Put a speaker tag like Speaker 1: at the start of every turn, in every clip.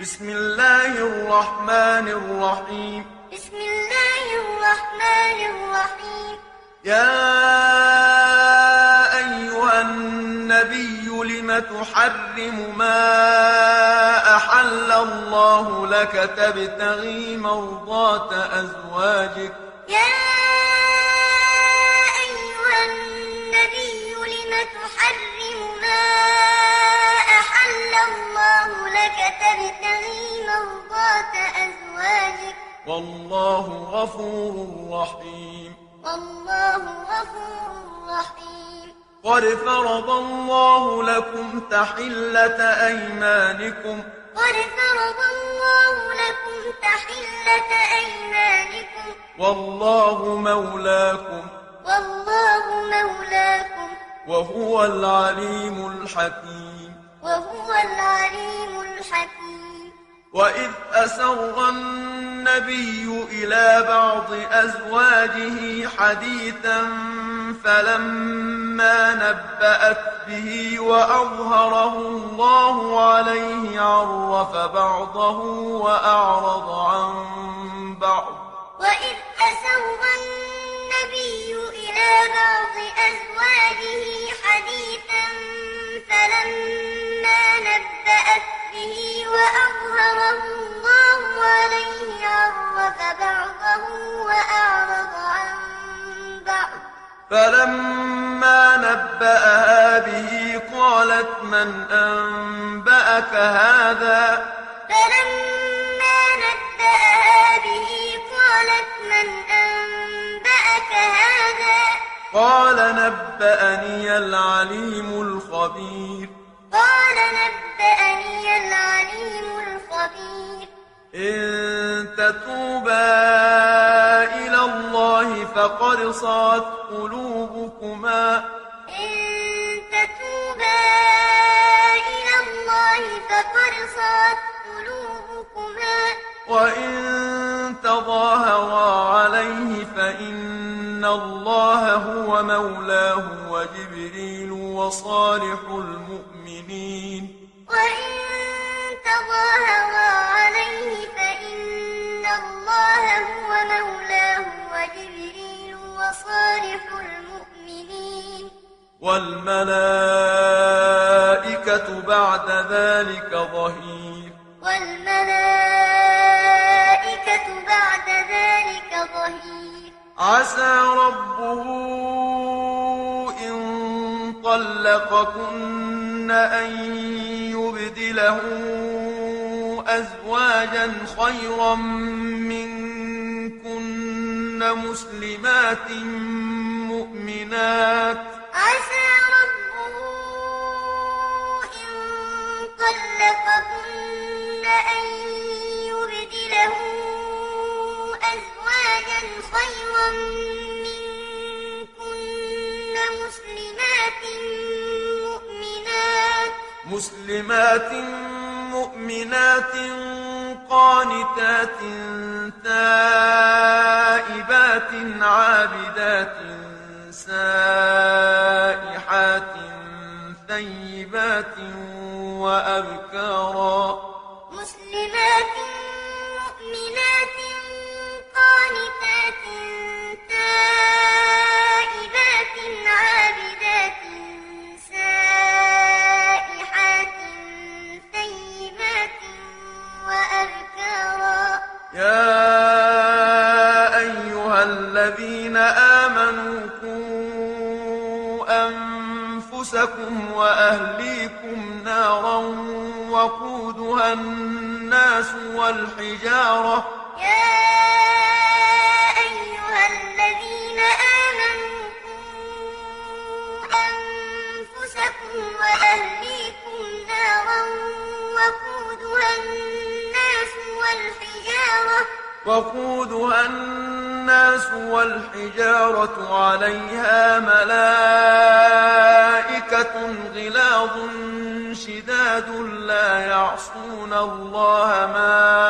Speaker 1: بسم الله الرحمن الرحيم
Speaker 2: بسم الله الرحمن الرحيم
Speaker 1: يا أيها النبي لم تحرم ما أحل الله لك تبتغي مرضات أزواجك
Speaker 2: يا أيها النبي لم تحرم
Speaker 1: والله غفور رحيم
Speaker 2: والله غفور رحيم قد فرض
Speaker 1: الله لكم تحلة أيمانكم
Speaker 2: قد فرض الله لكم تحلة أيمانكم
Speaker 1: والله مولاكم
Speaker 2: والله مولاكم
Speaker 1: وهو العليم الحكيم
Speaker 2: وهو العليم الحكيم
Speaker 1: وإذ أسر النبي إلى بعض أزواجه حديثا فلما نبأت به وأظهره الله عليه عرف بعضه وأعرض عن بعض
Speaker 2: وإذ أسر النبي إلى بعض أزواجه حديثا فلما به وأظهره الله عليه عرف بعضه وأعرض عن بعض
Speaker 1: فلما نبأها به قالت من أنبأك هذا
Speaker 2: فلما نبأها به قالت من أنبأك هذا
Speaker 1: قال نبأني العليم الخبير
Speaker 2: قال نبأني العليم الخبير
Speaker 1: إن تتوبا إلى الله فقد صعت قلوبكما ومولاه وجبريل وصالح المؤمنين
Speaker 2: وإن تظاهر عليه فإن الله هو مولاه وجبريل وصالح المؤمنين
Speaker 1: والملائكة بعد ذلك ظهير
Speaker 2: والملائكة بعد ذلك ظهير عسى ربه إن
Speaker 1: طلقكن أن يبدله أزواجا خيرا منكن مسلمات مؤمنات
Speaker 2: عسى ربه إن طلقكن أن خيرا منكن مسلمات مؤمنات
Speaker 1: مسلمات مؤمنات قانتات تائبات عابدات سائحات ثيبات وأبكارا الذين آمنوا أنفسكم وأهليكم نارا وقودها الناس والحجارة يا
Speaker 2: أيها الذين آمنوا أنفسكم وأهليكم نارا وقودها الناس والحجارة
Speaker 1: وقودها الناس الناس والحجارة عليها ملائكة غلاظ شداد لا يعصون الله ما أمرهم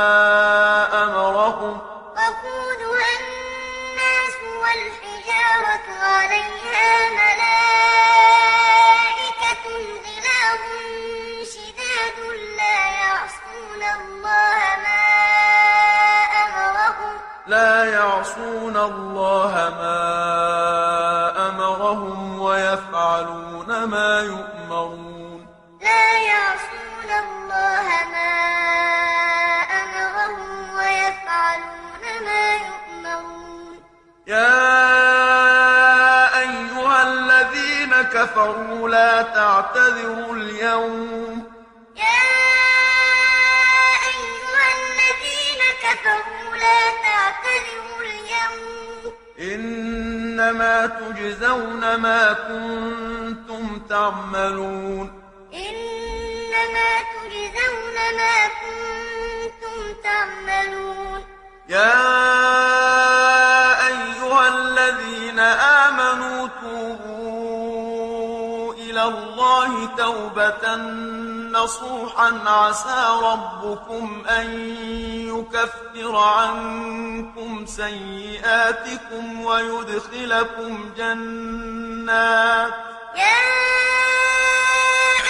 Speaker 1: واعتذروا اليوم يا
Speaker 2: أيها الذين كفروا لا تعتذروا اليوم
Speaker 1: إنما تجزون ما كنتم تعملون
Speaker 2: إنما تجزون ما كنتم تعملون يا
Speaker 1: أيها الذين آمنوا توبوا توبة نصوحا عسى ربكم أن يكفر عنكم سيئاتكم ويدخلكم
Speaker 2: جنات يا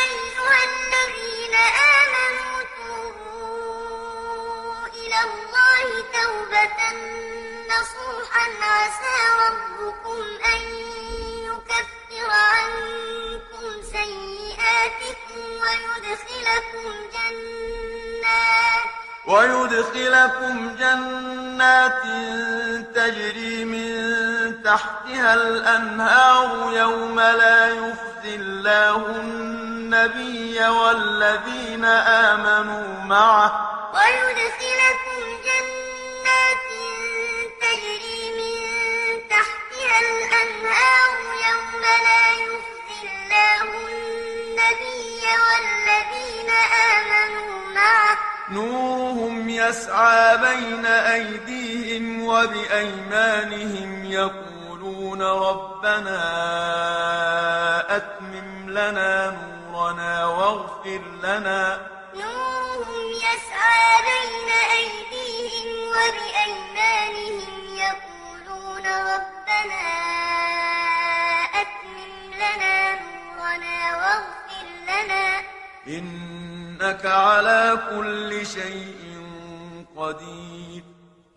Speaker 2: أيها الذين آمنوا توبوا إلى الله توبة نصوحا عسى ربكم أن يكفر عنكم ويدخلكم جنات
Speaker 1: ويدخلكم جنات تجري من تحتها الأنهار يوم لا يخزي الله النبي والذين آمنوا
Speaker 2: معه ويدخلكم
Speaker 1: يسعى بين أيديهم وبأيمانهم يقولون ربنا أتمم لنا نورنا واغفر لنا
Speaker 2: نورهم يسعى بين أيديهم وبأيمانهم يقولون ربنا أتمم لنا نورنا واغفر لنا
Speaker 1: إنك على كل شيء قدير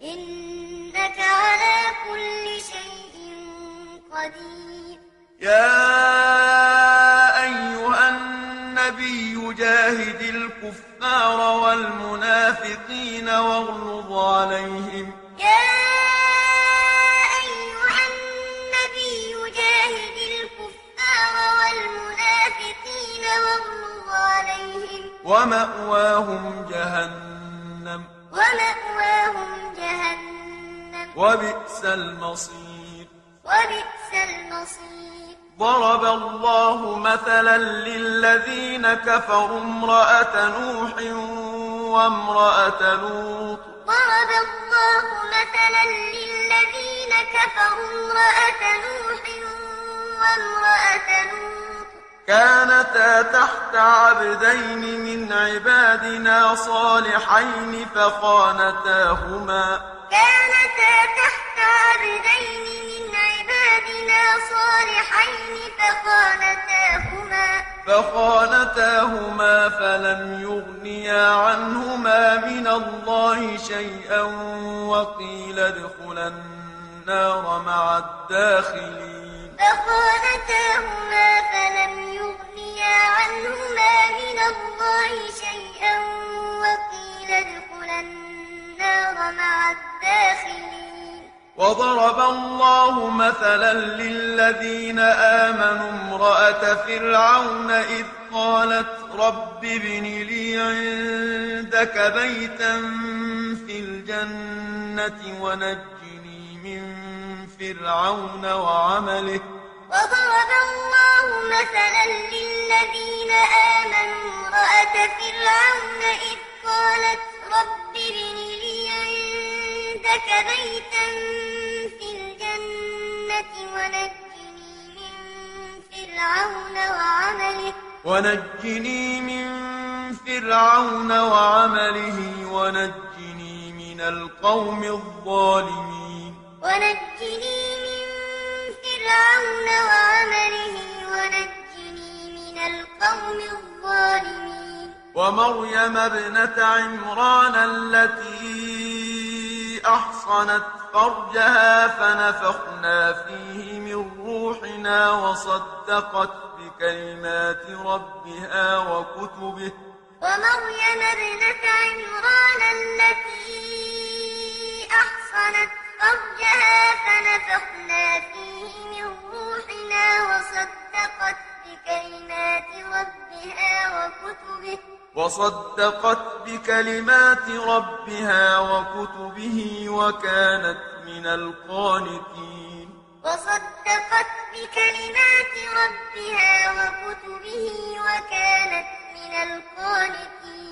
Speaker 2: إنك على كل شيء قدير
Speaker 1: يا أيها النبي جاهد الكفار والمنافقين واغلظ عليهم
Speaker 2: يا أيها النبي جاهد الكفار والمنافقين واغلظ عليهم
Speaker 1: ومأواهم جهنم
Speaker 2: ومأواهم جهنم وبئس
Speaker 1: المصير
Speaker 2: وبئس المصير
Speaker 1: ضرب الله مثلا للذين كفروا امرأة نوح وامرأة لوط ضرب
Speaker 2: الله مثلا للذين كفروا امرأة نوح وامرأة لوط
Speaker 1: كانتا تحت عبدين من عبادنا صالحين فخانتاهما
Speaker 2: كانتا تحت عبدين من عبادنا صالحين فخانتاهما
Speaker 1: فخانتاهما فلم يغنيا عنهما من الله شيئا وقيل ادخلا النار مع الداخلين
Speaker 2: فخانتاهما عنهما من الله شيئا وقيل ادخلا النار مع الداخلين
Speaker 1: وضرب الله مثلا للذين آمنوا امرأة فرعون إذ قالت رب ابن لي عندك بيتا في الجنة ونجني من فرعون وعمله
Speaker 2: وضرب الله مثلا للذين آمنوا رأت فرعون إذ قالت رب ابن لي عندك بيتا في الجنة ونجني من فرعون وعمله
Speaker 1: ونجني من فرعون وعمله ونجني من القوم الظالمين
Speaker 2: ونجني فرعون وعمله ونجني من القوم الظالمين
Speaker 1: ومريم ابنة عمران التي أحصنت فرجها فنفخنا فيه من روحنا وصدقت بكلمات ربها وكتبه
Speaker 2: ومريم ابنة عمران التي أحصنت فرجها فنفخنا فيه وصدقت بكلمات ربها وكتبه
Speaker 1: وصدقت بكلمات ربها وكتبه وكانت من القانتين
Speaker 2: وصدقت بكلمات ربها وكتبه وكانت من القانتين